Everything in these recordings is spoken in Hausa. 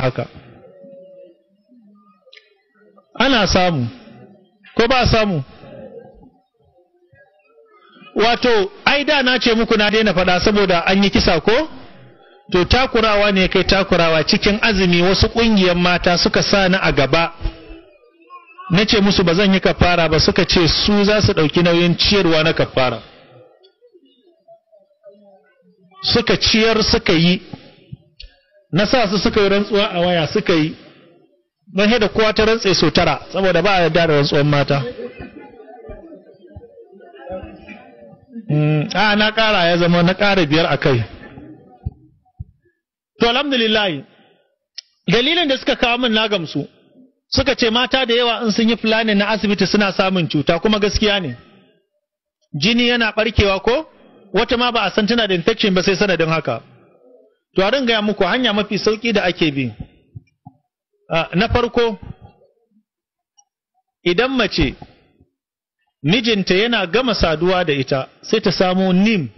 haka ana samu ko ba samu wato ai da na ce muku na daina faɗa saboda an yi kisa ko to takurawa ne kai takurawa cikin azumi wasu ƙungiyar mata suka sani a gaba na ce musu ba zan yi kafara ba suka ce su za su ɗauki nauyin ciyarwa na kafara suka ciyar suka yi na sa su suka yi rantsuwa a waya suka yi don haida kowa ta rantse so tara saboda ba a yarda da rantsuwan mata mm, a na ƙara ya zama na ƙara biyar a kai to alhamdulillah dalilin da suka kawo min na gamsu suka ce mata da yawa in sun yi fulani na asibiti suna samun cuta kuma gaskiya ne jini yana ɓarkewa ko wata ma ba a san tana da infection ba sai sanadin haka to a ya muku hanya mafi sauki da ake bi na farko idan mace mijinta yana gama saduwa da ita sai ta samo nim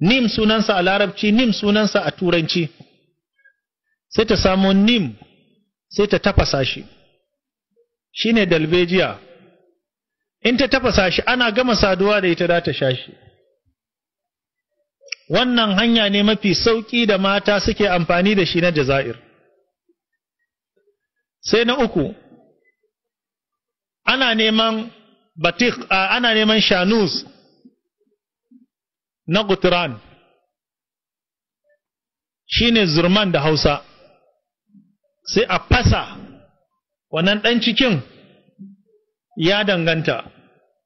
nim sunansa a larabci nim sunansa a turanci sai ta samo nim sai ta tafasa shi shine dalbejiya in ta tafasa shi ana gama saduwa da ita za ta sha shi wannan hanya ne mafi sauƙi da mata suke amfani da shi na jaza'ir. Sai na uku, ana neman batik, ana neman shanus na gutran shi ne zurman da Hausa, sai a fasa wannan ɗan cikin ya danganta.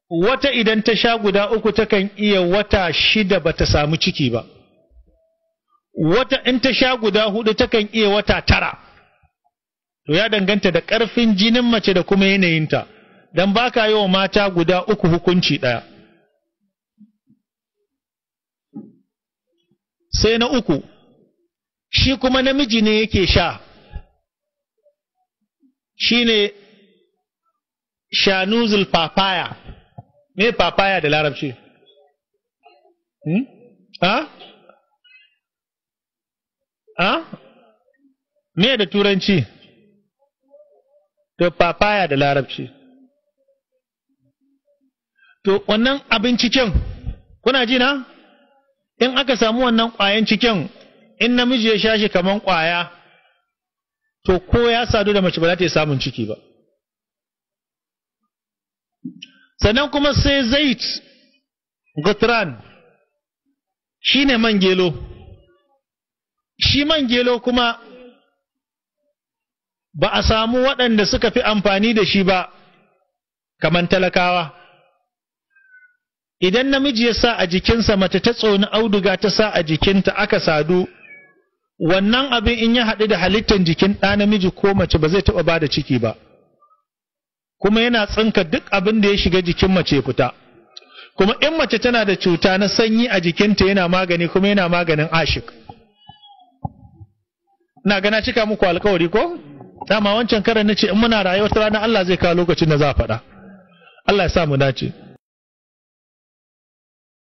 wata idan ta sha guda uku takan iya wata shida bata samu ciki ba wata in ta sha guda hudu takan iya wata tara to ya danganta da ƙarfin jinin mace da kuma yanayinta don ba ka yi wa mata guda uku hukunci ɗaya sai na uku shi kuma namiji ne yake sha shi ne shanuzul papaya me papaya da larabci hmm? ha ah? ah? ha me da turanci to papaya da larabci to wannan abin cikin kuna ji na in aka samu wannan ƙwayan cikin in namiji ya sha shi kamar ƙwaya to ko ya sadu da mace ba za ta yi samun ciki ba sannan kuma sai zait gutran shi ne man gelo shi man gelo kuma ba a samu waɗanda suka fi amfani da shi ba kamar talakawa idan namiji ya sa a jikinsa mace ta tsoni auduga ta sa a jikinta aka sadu wannan abin in ya haɗu da halittar jikin ɗa namiji ko mace ba zai taɓa ba da ciki ba kuma yana tsinka duk abin da ya shiga jikin mace fita kuma in mace tana da cuta na sanyi a jikinta yana magani kuma yana maganin ashik na gana cika muku alkawari ko dama wancan karan nace in muna rayuwa ta rana Allah zai kawo lokacin da za a faɗa Allah ya sa mu dace